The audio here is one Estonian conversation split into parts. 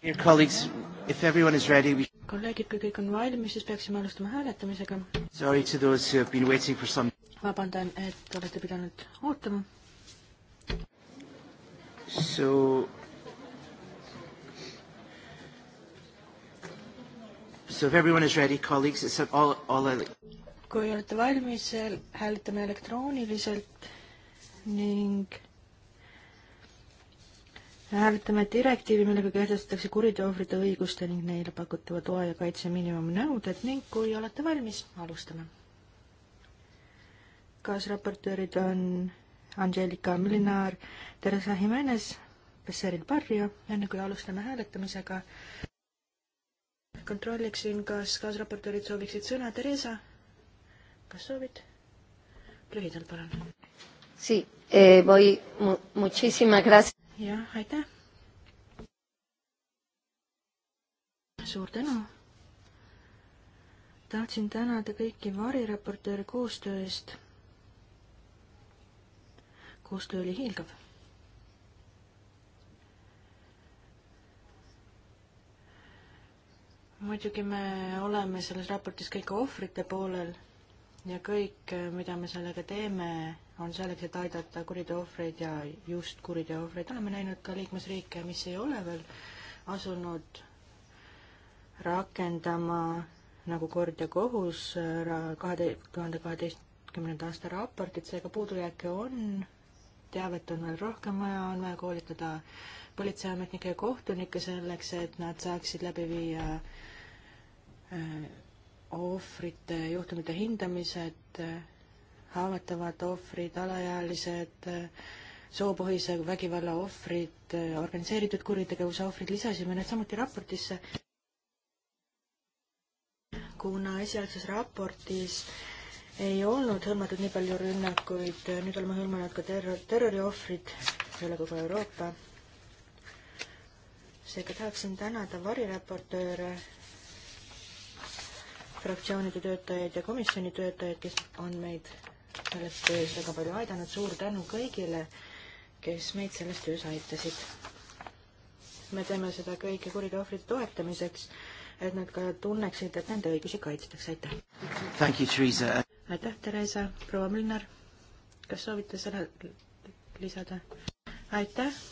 kolleegid, kui kõik on valmis, siis peaksime alustama hääletamisega. Some... vabandan, et olete pidanud ootama. So So if everyone is ready, colleagues, it's all, all kui olete valmis, hääletame elektrooniliselt ning hääletame direktiivi, millega kehtestatakse kuriteoohvrite õiguste ning neile pakutava toe ja kaitse miinimumnõuded ning kui olete valmis, alustame. kaasraportöörid on Angelika Mlinar, Teresa Jimenez, Besseril Barrio, enne kui alustame hääletamisega, kontrolliksin, kas kaasraportöörid sooviksid sõna, Theresa, kas soovid? lühidalt, palun. Sí, eh, voy mu muchísimas gracias jah, aitäh. suur tänu. tahtsin tänada kõiki variraportööri koostöö eest. koostöö oli hiilgav muidugi me oleme selles raportis kõik ohvrite poolel ja kõik, eh, mida me sellega teeme, on selleks, et aidata kuriteo ohvreid ja just kuriteo ohvreid. oleme näinud ka liikmesriike, mis ei ole veel asunud rakendama nagu kord ja kohus kahe tuhande kaheteistkümnenda aasta raportit, seega puudujääke on, teavet on veel rohkem vaja, on vaja koolitada politseiametnikke ja kohtunikke selleks, et nad saaksid läbi viia äh, ohvrite juhtumite hindamised haavatavad ohvrid, alaealised, soopõhise vägivalla ohvrid, organiseeritud kuritegevuse ohvrid, lisasime need samuti raportisse, kuna esialgses raportis ei olnud hõlmatud nii palju rünnakuid, nüüd oleme hõlmanud ka terror, terroriohvrid üle kogu Euroopa. seega tahaksin tänada variraportööre, fraktsioonide töötajaid ja komisjoni töötajaid, kes on meid Te olete töös väga palju aidanud, suur tänu kõigile, kes meid selles töös aitasid. me teeme seda kõike kuriteoohvrite toetamiseks, et nad ka tunneksid, et nende õigusi kaitstakse, aitäh! aitäh, Theresa, proua Milner, kas soovite sõna lisada? aitäh!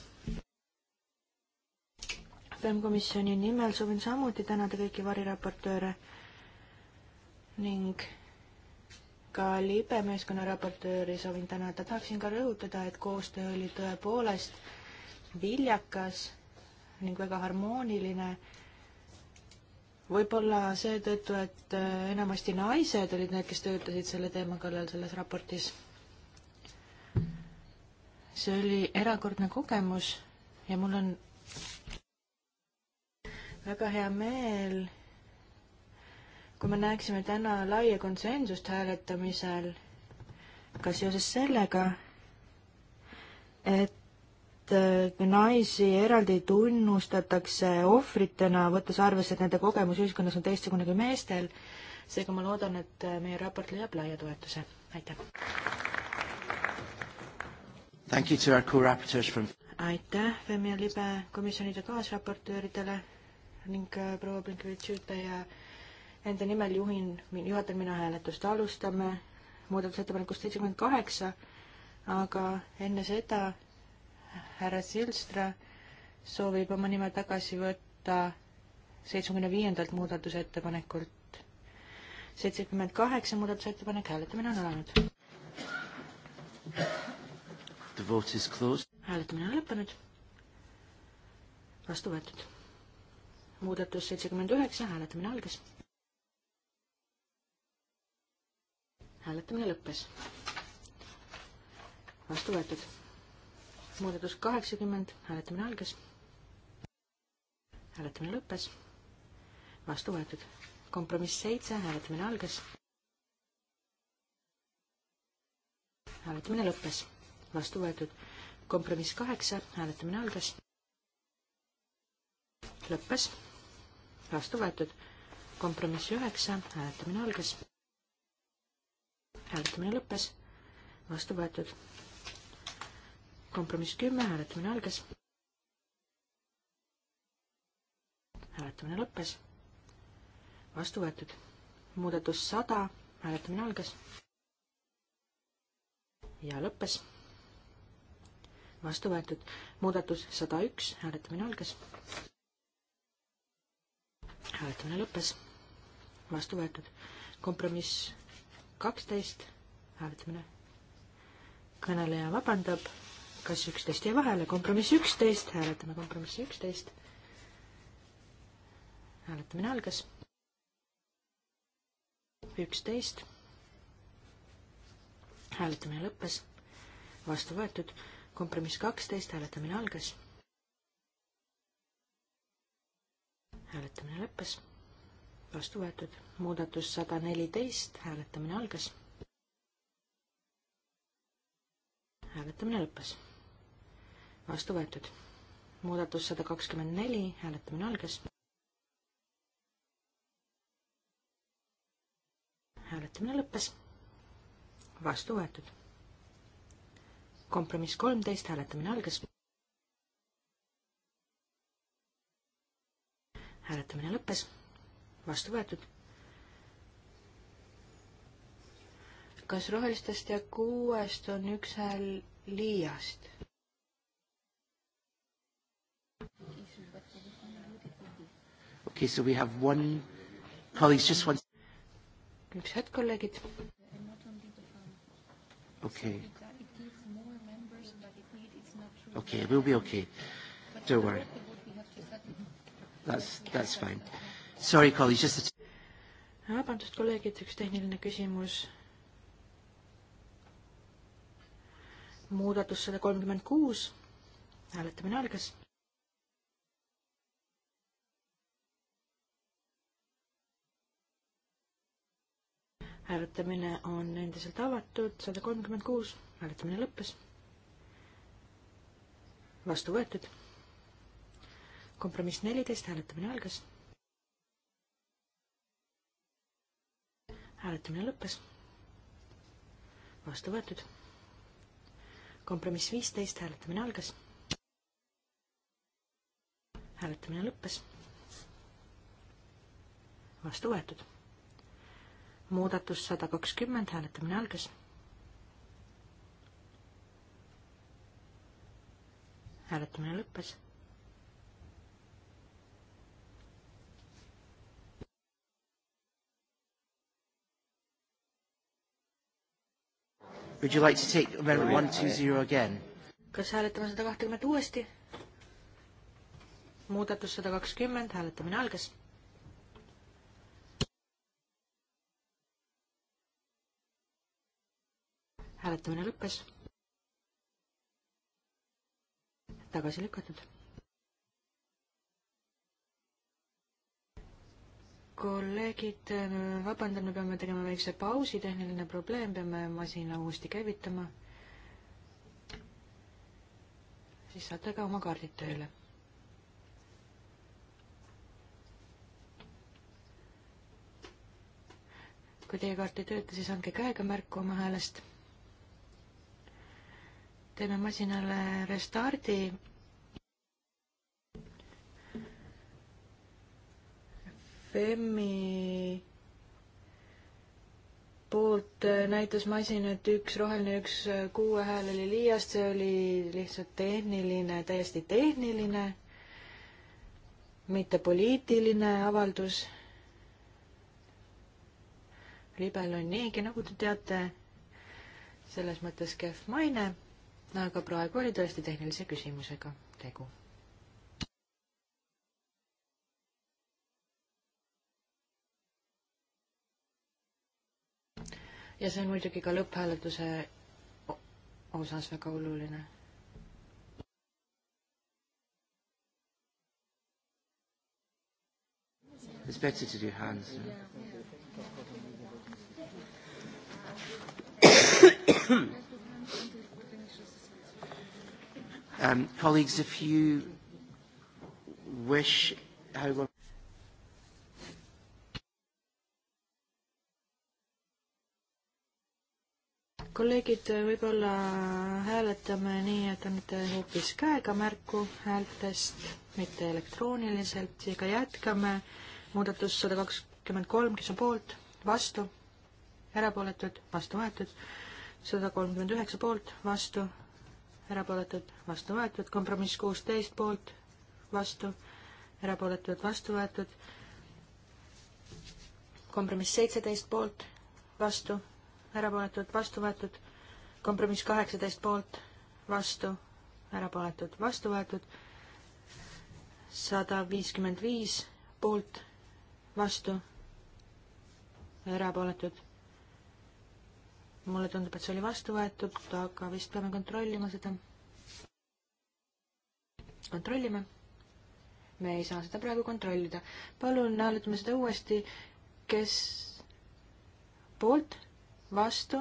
peamkomisjoni nimel soovin samuti tänada kõiki variraportööre ning ka libe meeskonna raportööri soovin tänada. tahaksin ka rõhutada, et koostöö oli tõepoolest viljakas ning väga harmooniline. võib-olla seetõttu, et äh, enamasti naised olid need, kes töötasid selle teema kallal selles raportis. see oli erakordne kogemus ja mul on väga hea meel kui me näeksime täna laia konsensust hääletamisel ka seoses sellega, et äh, naisi eraldi tunnustatakse ohvritena, võttes arvesse, et nende kogemus ühiskonnas on teistsugune kui meestel, seega ma loodan, et äh, meie raport leiab laia toetuse. aitäh! From... aitäh FEMI ja libe komisjonide kaasraportööridele ning äh, proua Blinkevitš-Jüte ja Nende nimel juhin, juhatan mina hääletust. alustame muudatusettepanekust seitsekümmend kaheksa, aga enne seda härra Silstra soovib oma nime tagasi võtta seitsmekümne viiendalt muudatusettepanekult. seitsekümmend kaheksa muudatusettepanek, hääletamine on alanud. The vote is closed. hääletamine on lõppenud. vastu võetud. muudatus seitsekümmend üheksa, hääletamine algas hääletamine lõppes. vastu võetud. muudatus kaheksakümmend, hääletamine algas. hääletamine lõppes. vastu võetud. kompromiss seitse, hääletamine algas. hääletamine lõppes. vastu võetud. kompromiss kaheksa, hääletamine algas. lõppes. vastu võetud. kompromiss üheksa, hääletamine algas hääletamine lõppes, vastu võetud. kompromiss kümme, hääletamine algas. hääletamine lõppes, vastu võetud. muudatus sada, hääletamine algas. ja lõppes, vastu võetud. muudatus sada üks, hääletamine algas. hääletamine lõppes, vastu võetud. kompromiss kaksteist, hääletamine. kõneleja vabandab, kas üksteist jäi vahele, kompromiss üksteist, hääletame kompromissi üksteist. hääletamine algas. üksteist. hääletamine lõppes, vastu võetud, kompromiss kaksteist, hääletamine algas. hääletamine lõppes vastu võetud. muudatus sada neliteist, hääletamine algas. hääletamine lõppes. vastu võetud. muudatus sada kakskümmend neli, hääletamine algas. hääletamine lõppes. vastu võetud. kompromiss kolmteist, hääletamine algas. hääletamine lõppes vastu võetud. kas rohelistest ja kuuest on üks hääl liiast? Okay, so we have one colleagues just one. üks hetk, kolleegid. Okay. Okay, we'll be okay. Don't worry. That's that's fine. Sorry, colleagues, just a... vabandust, kolleegid, üks tehniline küsimus. muudatus sada kolmkümmend kuus, hääletamine algas. hääletamine on endiselt avatud, sada kolmkümmend kuus, hääletamine lõppes. vastu võetud. kompromiss neliteist, hääletamine algas hääletamine lõppes. vastu võetud. kompromiss viisteist, hääletamine algas. hääletamine lõppes. vastu võetud. muudatus sada kakskümmend, hääletamine algas. hääletamine lõppes Would you like to take amendment one two zero again? kas hääletame sada kahtekümmet uuesti? muudatus sada kakskümmend, hääletamine algas. hääletamine lõppes. tagasi lükatud kolleegid, äh, vabandan, me peame tegema väikse pausi, tehniline probleem, peame masina uuesti käivitama. siis saate ka oma kaardid tööle. kui teie kaart ei tööta, siis andke käega märku oma häälest. teeme masinale restardi FM-i poolt näitas masin, et üks roheline, üks kuue hääl oli liiast, see oli lihtsalt tehniline, täiesti tehniline, mitte poliitiline avaldus. libel on niigi, nagu te teate, selles mõttes kehv maine, aga praegu oli tõesti tehnilise küsimusega tegu ja see on muidugi ka lõpphääletuse osas väga oluline It's better to do hands. No? um, colleagues, if you wish, how long? kolleegid, võib-olla hääletame nii, et annate hoopis käega märku häältest, mitte elektrooniliselt, seega jätkame. muudatus sada kakskümmend kolm, kes on poolt, vastu, erapooletud, vastu võetud, sada kolmkümmend üheksa poolt, vastu, erapooletud, vastu võetud, kompromiss kuusteist poolt, vastu, erapooletud, vastu võetud, kompromiss seitseteist poolt, vastu erapooletud, vastu võetud. kompromiss kaheksateist poolt, vastu, erapooletud, vastu võetud. sada viiskümmend viis poolt, vastu, erapooletud. mulle tundub, et see oli vastu võetud, aga vist peame kontrollima seda. kontrollime me ei saa seda praegu kontrollida. palun hääletame seda uuesti, kes poolt, vastu,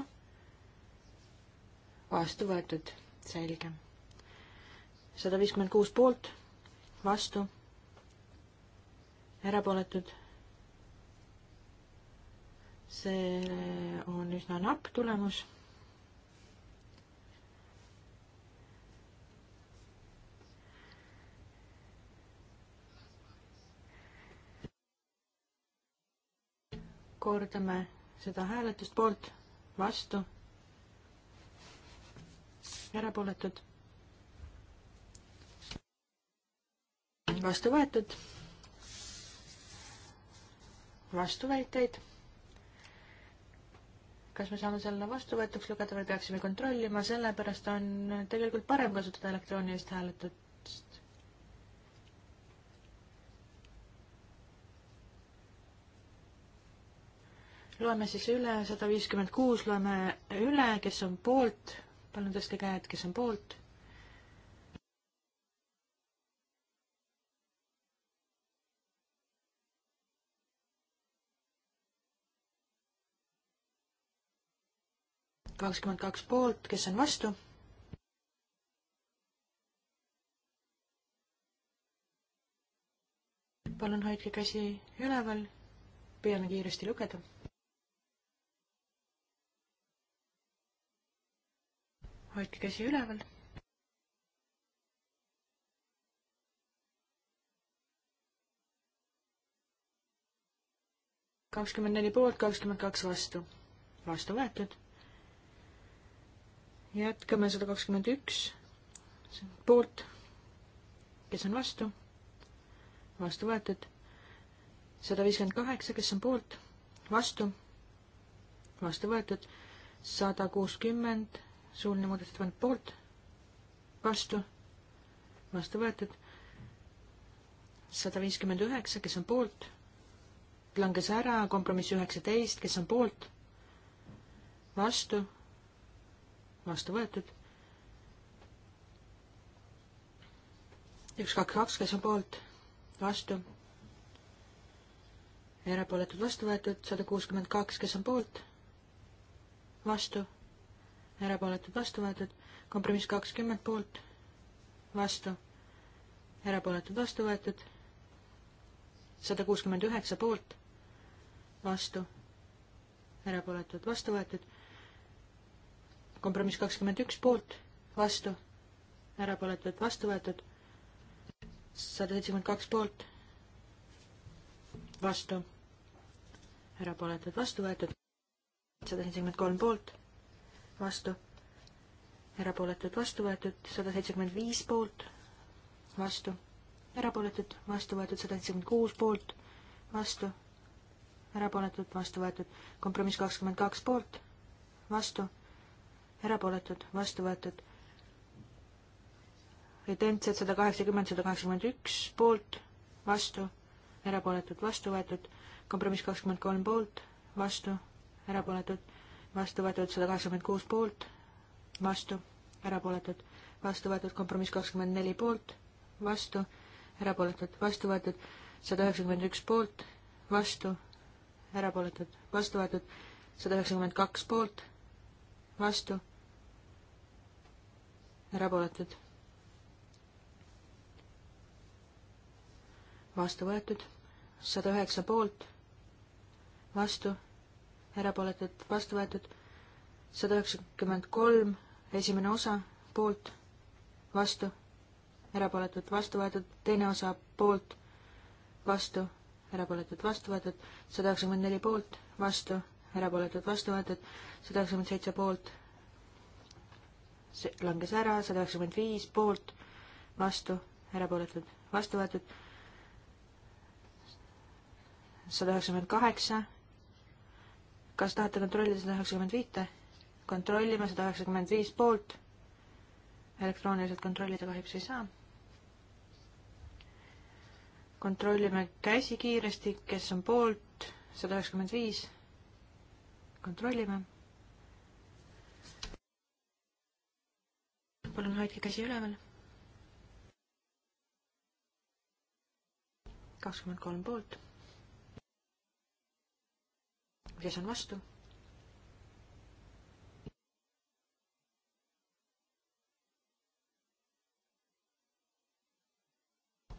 vastu võetud, selge. sada viiskümmend kuus poolt, vastu, erapooletud. see on üsna napp tulemus kordame seda hääletust poolt, vastu, erapooletud, vastu võetud, vastuväiteid. kas me saame selle vastuvõetuks lugeda või peaksime kontrollima, sellepärast on tegelikult parem kasutada elektroonilist hääletut loeme siis üle, sada viiskümmend kuus loeme üle, kes on poolt, palun tõstke käed, kes on poolt. kakskümmend kaks poolt, kes on vastu? palun hoidke käsi üleval, püüame kiiresti lugeda hoidke käsi üleval. kakskümmend neli poolt, kakskümmend kaks vastu. vastu võetud. jätkame sada kakskümmend üks poolt, kes on vastu, vastu võetud. sada viiskümmend kaheksa, kes on poolt, vastu, vastu võetud. sada kuuskümmend suuline muudatusettepanek poolt, vastu, vastu võetud. sada viiskümmend üheksa, kes on poolt, langes ära, kompromiss üheksateist, kes on poolt, vastu, vastu võetud. üks, kaks, kaks, kes on poolt, vastu, erapooletud vastu võetud, sada kuuskümmend kaks, kes on poolt, vastu erapooletud, vastu võetud. kompromiss kakskümmend poolt, vastu, erapooletud, vastu võetud. sada kuuskümmend üheksa poolt, vastu, erapooletud, vastu võetud. kompromiss kakskümmend üks poolt, vastu, erapooletud, vastu võetud. sada seitsekümmend kaks poolt, vastu, erapooletud, vastu võetud. sada seitsekümmend kolm poolt vastu, erapooletud, vastu võetud sada seitsekümmend viis poolt, vastu, erapooletud, vastu võetud sada seitsekümmend kuus poolt, vastu, erapooletud, vastu võetud, kompromiss kakskümmend kaks poolt, vastu, erapooletud, vastu võetud, identsed sada kaheksakümmend, sada kaheksakümmend üks poolt, vastu, erapooletud, vastu võetud, kompromiss kakskümmend kolm poolt, vastu, erapooletud vastu võetud sada kaheksakümmend kuus poolt, vastu, erapooletud, vastu võetud kompromiss kakskümmend neli poolt, vastu, erapooletud, vastu võetud sada üheksakümmend üks poolt, vastu, erapooletud, vastu võetud sada üheksakümmend kaks poolt, vastu, erapooletud, vastu võetud sada üheksa poolt, vastu erapooletud, vastu võetud sada üheksakümmend kolm, esimene osa, poolt, vastu, erapooletud, vastu võetud, teine osa, poolt, vastu, erapooletud, vastu võetud, sada üheksakümmend neli poolt, vastu, erapooletud, vastu võetud, sada üheksakümmend seitse poolt, see langes ära, sada üheksakümmend viis poolt, vastu, erapooletud, vastu võetud, sada üheksakümmend kaheksa kas tahate kontrollida sada üheksakümmend viite? kontrollime sada üheksakümmend viis poolt. elektrooniliselt kontrollida kahjuks ei saa. kontrollime käsi kiiresti, kes on poolt, sada üheksakümmend viis. kontrollime. palun hoidke käsi üleval. kakskümmend kolm poolt kes on vastu?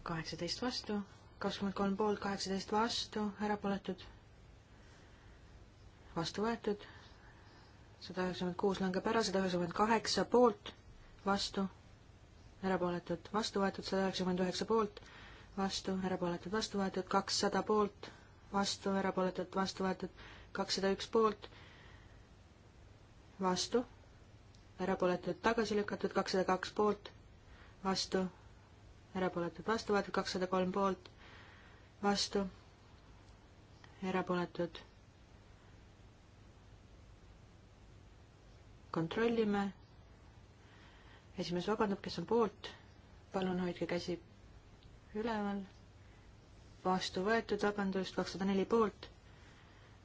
kaheksateist vastu, kakskümmend kolm poolt, kaheksateist vastu, erapooletud, vastu võetud, sada üheksakümmend kuus langeb ära, sada üheksakümmend kaheksa poolt, vastu, erapooletud, vastu võetud, sada üheksakümmend üheksa poolt, vastu, erapooletud, vastu võetud, kakssada poolt, vastu, erapooletud, vastu võetud, kakssada üks poolt, vastu, erapooletud tagasi lükatud, kakssada kaks poolt, vastu, erapooletud vastu võetud, kakssada kolm poolt, vastu, erapooletud. kontrollime. esimees vabandab, kes on poolt, palun hoidke käsi üleval vastu võetud, vabandust, kakssada neli poolt,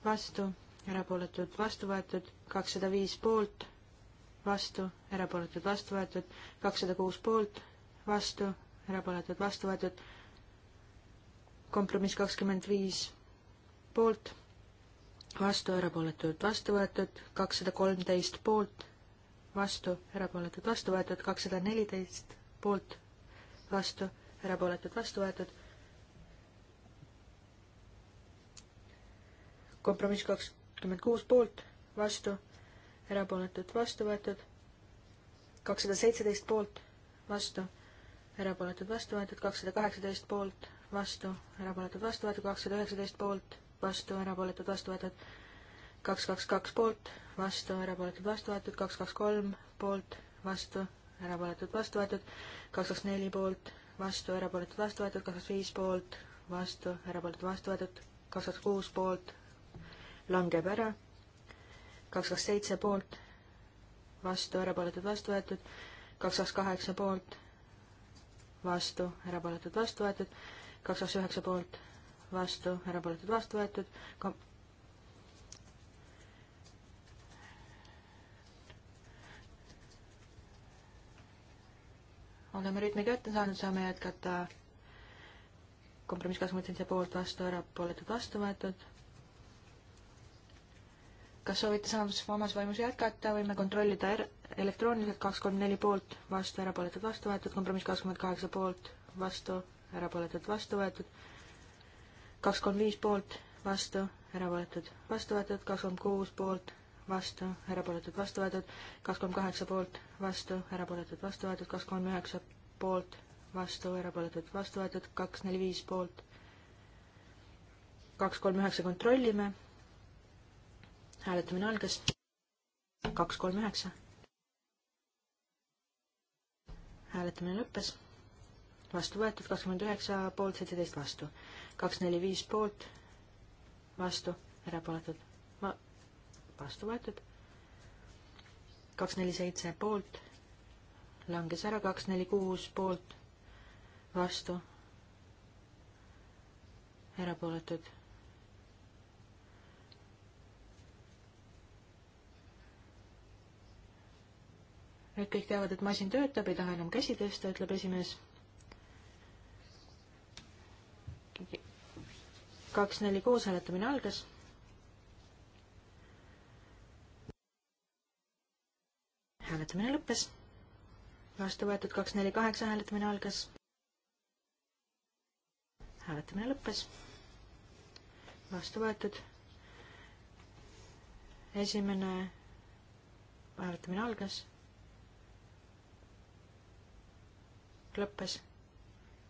vastu, erapooletud, vastu võetud, kakssada viis poolt, vastu, erapooletud, vastu võetud, kakssada kuus poolt, vastu, erapooletud, vastu võetud, kompromiss kakskümmend viis poolt, vastu, erapooletud, vastu võetud, kakssada kolmteist poolt, vastu, erapooletud, vastu võetud, kakssada neliteist poolt, vastu, erapooletud, vastu võetud kompromiss kakskümmend kuus poolt, vastu, erapooletud, vastu võetud. kakssada seitseteist poolt, vastu, erapooletud, vastu võetud, kakssada kaheksateist poolt, vastu, erapooletud, vastu võetud, kakssada üheksateist poolt, vastu, erapooletud, vastu võetud kaks, kaks, kaks poolt, vastu, erapooletud, vastu võetud, kaks, kaks, kolm poolt, vastu, erapooletud, vastu võetud, kaks, kaks, neli poolt, vastu, erapooletud, vastu võetud, kaks, kaks, viis poolt, vastu, erapooletud, vastu võetud, kaks, kaks, kuus poolt, langeb ära. kaks, kaks, seitse poolt, vastu, erapooletud, vastu võetud. kaks, kaks, kaheksa poolt, vastu, erapooletud, vastu võetud. kaks, kaks, üheksa poolt, vastu, erapooletud, vastu võetud. oleme rütmi kätte saanud, saame jätkata kompromiss kakskümmend seitse poolt vastu, erapooletud vastu võetud kas soovite samas vaimus jätkata, võime kontrollida er elektrooniliselt kaks, kolm, neli poolt, vastu, erapooletud, vastu võetud, kompromiss kakskümmend kaheksa poolt, vastu, erapooletud, vastu võetud, kaks, kolm, viis poolt, vastu, erapooletud, vastu võetud, kaks, kolm, kuus poolt, vastu, erapooletud, vastu võetud, kaks, kolm, kaheksa poolt, vastu, erapooletud, vastu võetud, kaks, kolm, üheksa poolt, vastu, erapooletud, vastu võetud, kaks, neli, viis poolt, kaks, kolm, üheksa kontrollime hääletamine algas. kaks, kolm, üheksa. hääletamine lõppes. vastu võetud kakskümmend üheksa, poolt seitseteist vastu. kaks, neli, viis poolt, vastu, erapooletud, ma-, vastu võetud. kaks, neli, seitse poolt, langes ära, kaks, neli, kuus poolt, vastu, erapooletud nüüd kõik teavad, et masin töötab, ei taha enam käsi tõsta, ütleb esimees. kaks, neli koos hääletamine algas. hääletamine lõppes. vastu võetud kaks, neli, kaheksa hääletamine algas. hääletamine lõppes. vastu võetud. esimene hääletamine algas lõppes,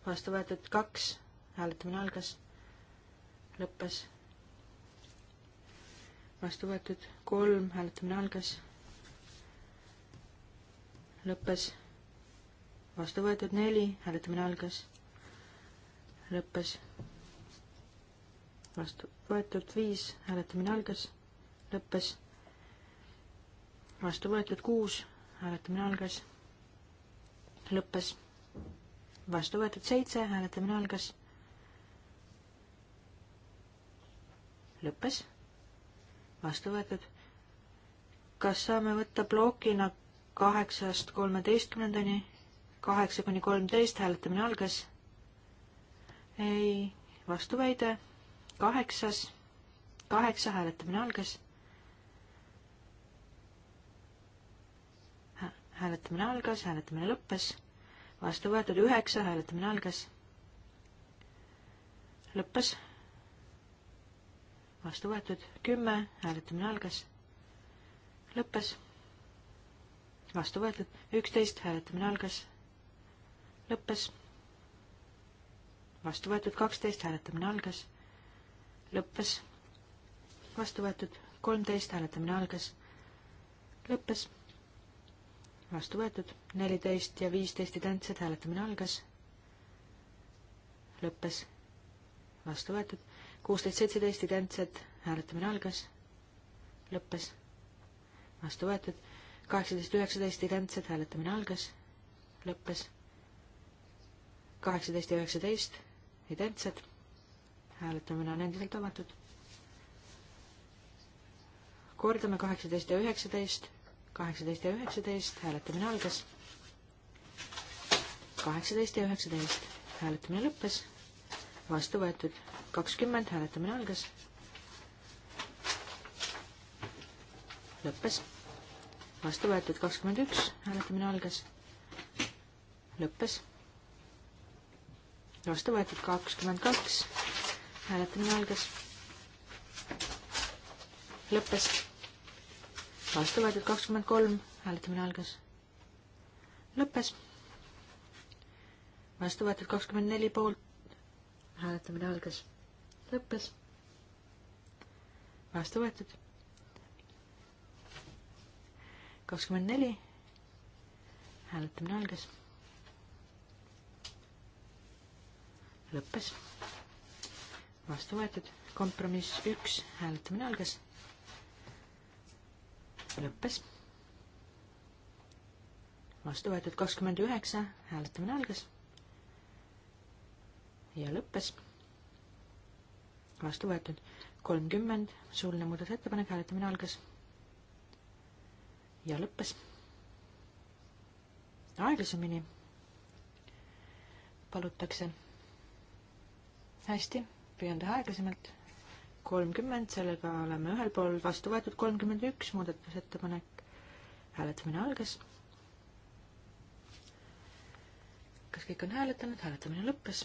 vastu võetud kaks, hääletamine algas, lõppes, vastu võetud kolm, hääletamine algas, lõppes, vastu võetud neli, hääletamine algas, lõppes, vastu võetud viis, hääletamine algas, lõppes, vastu võetud kuus, hääletamine algas, lõppes vastu võetud seitse, hääletamine algas. lõppes, vastu võetud. kas saame võtta plokina kaheksast kolmeteistkümnendani, kaheksa kuni kolmteist, hääletamine algas. ei, vastuväide, kaheksas, kaheksa, hääletamine algas hääletamine algas, hääletamine lõppes vastu võetud üheksa, hääletamine algas. lõppes. vastu võetud kümme, hääletamine algas. lõppes. vastu võetud üksteist, hääletamine algas. lõppes. vastu võetud kaksteist, hääletamine algas. lõppes. vastu võetud kolmteist, hääletamine algas. lõppes vastu võetud, neliteist ja viisteist identsed, hääletamine algas, lõppes, vastu võetud, kuusteist, seitseteist identsed, hääletamine algas, lõppes, vastu võetud, kaheksateist, üheksateist identsed, hääletamine algas, lõppes, kaheksateist ja üheksateist identsed, hääletamine on endiselt avatud. kordame kaheksateist ja üheksateist kaheksateist ja üheksateist, hääletamine algas. kaheksateist ja üheksateist, hääletamine lõppes, vastu võetud, kakskümmend, hääletamine algas. lõppes, vastu võetud, kakskümmend üks, hääletamine algas. lõppes, vastu võetud, kakskümmend kaks, hääletamine algas. lõppes vastu võetud kakskümmend kolm, hääletamine algas. lõppes. vastu võetud kakskümmend neli poolt, hääletamine algas. lõppes. vastu võetud. kakskümmend neli, hääletamine algas. lõppes. vastu võetud, kompromiss üks, hääletamine algas lõppes. vastu võetud kakskümmend üheksa, hääletamine algas. ja lõppes. vastu võetud kolmkümmend, suuline muudatusettepanek, hääletamine algas. ja lõppes. aeglasemini palutakse. hästi, püüan teha aeglasemalt kolmkümmend, sellega oleme ühel pool vastu võetud, kolmkümmend üks muudatusettepanek, hääletamine algas. kas kõik on hääletanud, hääletamine lõppes.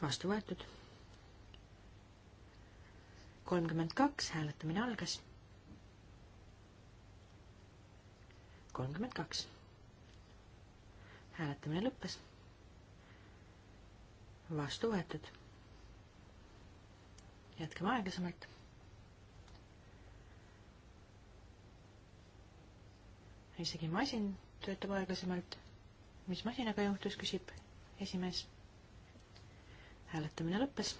vastu võetud. kolmkümmend kaks, hääletamine algas. kolmkümmend kaks. hääletamine lõppes. vastu võetud jätkame aeglasemalt. isegi masin töötab aeglasemalt. mis masinaga juhtus, küsib esimees. hääletamine lõppes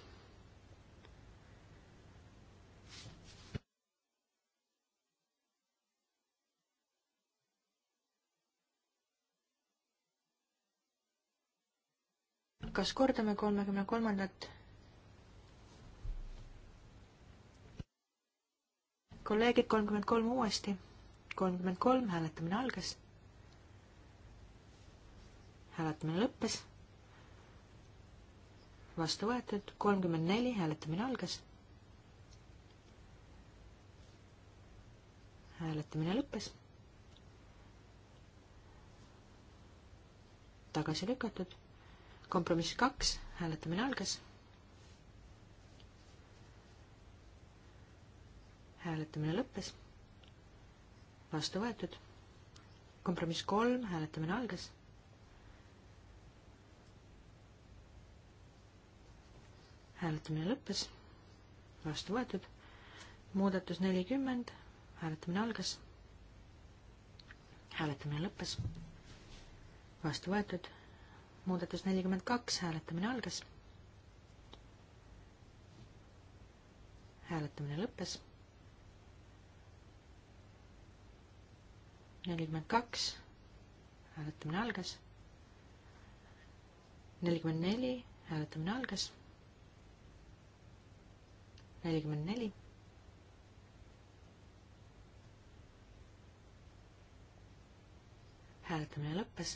kas kordame kolmekümne kolmandat kolleegid, kolmkümmend kolm uuesti. kolmkümmend kolm, hääletamine algas. hääletamine lõppes. vastu võetud, kolmkümmend neli, hääletamine algas. hääletamine lõppes. tagasi lükatud. kompromiss kaks, hääletamine algas hääletamine lõppes. vastu võetud. kompromiss kolm, hääletamine algas. hääletamine lõppes. vastu võetud. muudatus nelikümmend, hääletamine algas. hääletamine lõppes. vastu võetud. muudatus nelikümmend kaks, hääletamine algas hääletamine lõppes nelikümmend kaks, hääletamine algas. nelikümmend neli, hääletamine algas. nelikümmend neli. hääletamine lõppes,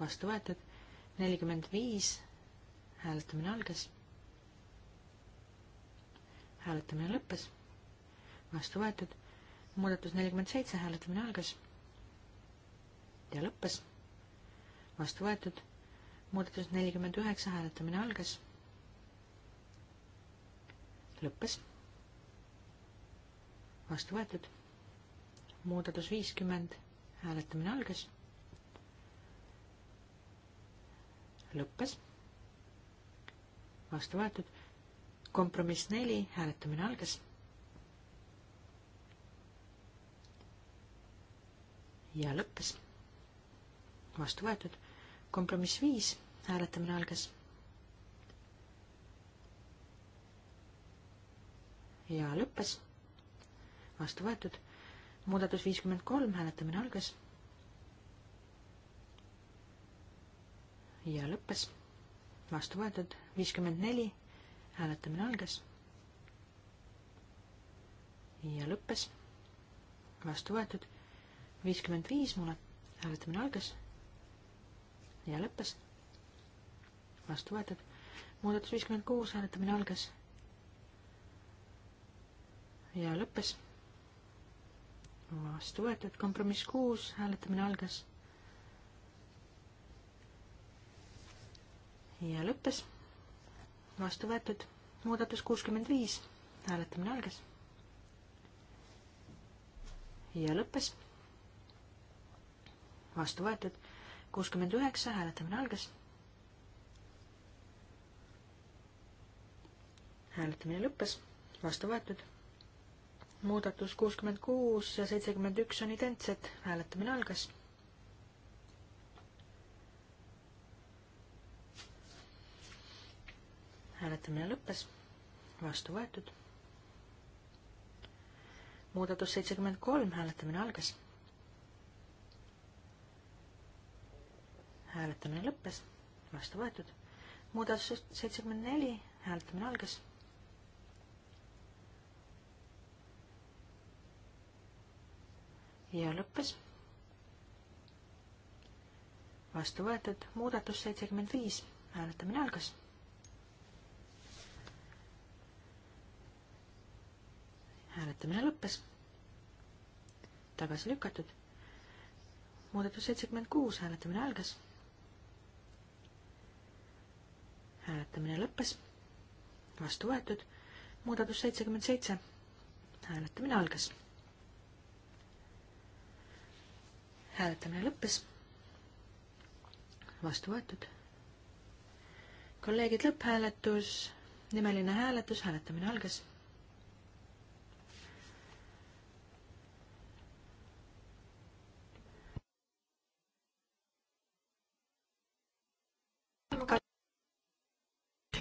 vastu võetud, nelikümmend viis, hääletamine algas. hääletamine lõppes, vastu võetud, muudatus nelikümmend seitse, hääletamine algas ja lõppes. vastu võetud. muudatus nelikümmend üheksa, hääletamine algas. lõppes. vastu võetud. muudatus viiskümmend, hääletamine algas. lõppes. vastu võetud. kompromiss neli, hääletamine algas ja lõppes vastu võetud. kompromiss viis, hääletamine algas. ja lõppes. vastu võetud. muudatus viiskümmend kolm, hääletamine algas. ja lõppes. vastu võetud. viiskümmend neli, hääletamine algas. ja lõppes. vastu võetud. viiskümmend viis, mulle hääletamine algas ja lõppes. vastu võetud. muudatus viiskümmend kuus, hääletamine algas. ja lõppes. vastu võetud, kompromiss kuus, hääletamine algas. ja lõppes. vastu võetud, muudatus kuuskümmend viis, hääletamine algas. ja lõppes vastu võetud kuuskümmend üheksa, hääletamine algas. hääletamine lõppes, vastu võetud. muudatus kuuskümmend kuus ja seitsekümmend üks on identsed, hääletamine algas. hääletamine lõppes, vastu võetud. muudatus seitsekümmend kolm, hääletamine algas hääletamine lõppes, vastu võetud. muudatus seitsekümmend neli, hääletamine algas. ja lõppes. vastu võetud, muudatus seitsekümmend viis, hääletamine algas. hääletamine lõppes. tagasi lükatud muudatus seitsekümmend kuus, hääletamine algas. hääletamine lõppes. vastu võetud. muudatus seitsekümmend seitse. hääletamine algas. hääletamine lõppes. vastu võetud. kolleegid, lõpphääletus, nimeline hääletus, hääletamine algas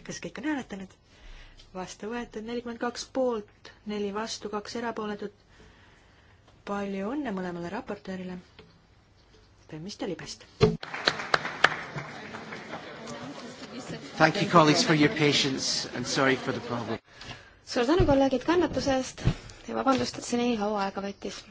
kas kõik on hääletanud? vastu võetud nelikümmend kaks poolt, neli vastu, kaks erapooletut. palju õnne mõlemale raportöörile. tõmmist ja libest. Thank you, colleagues, for your patience and sorry for the problem. suur tänu, kolleegid, kannatuse eest ja vabandust, et see nii kaua aega võttis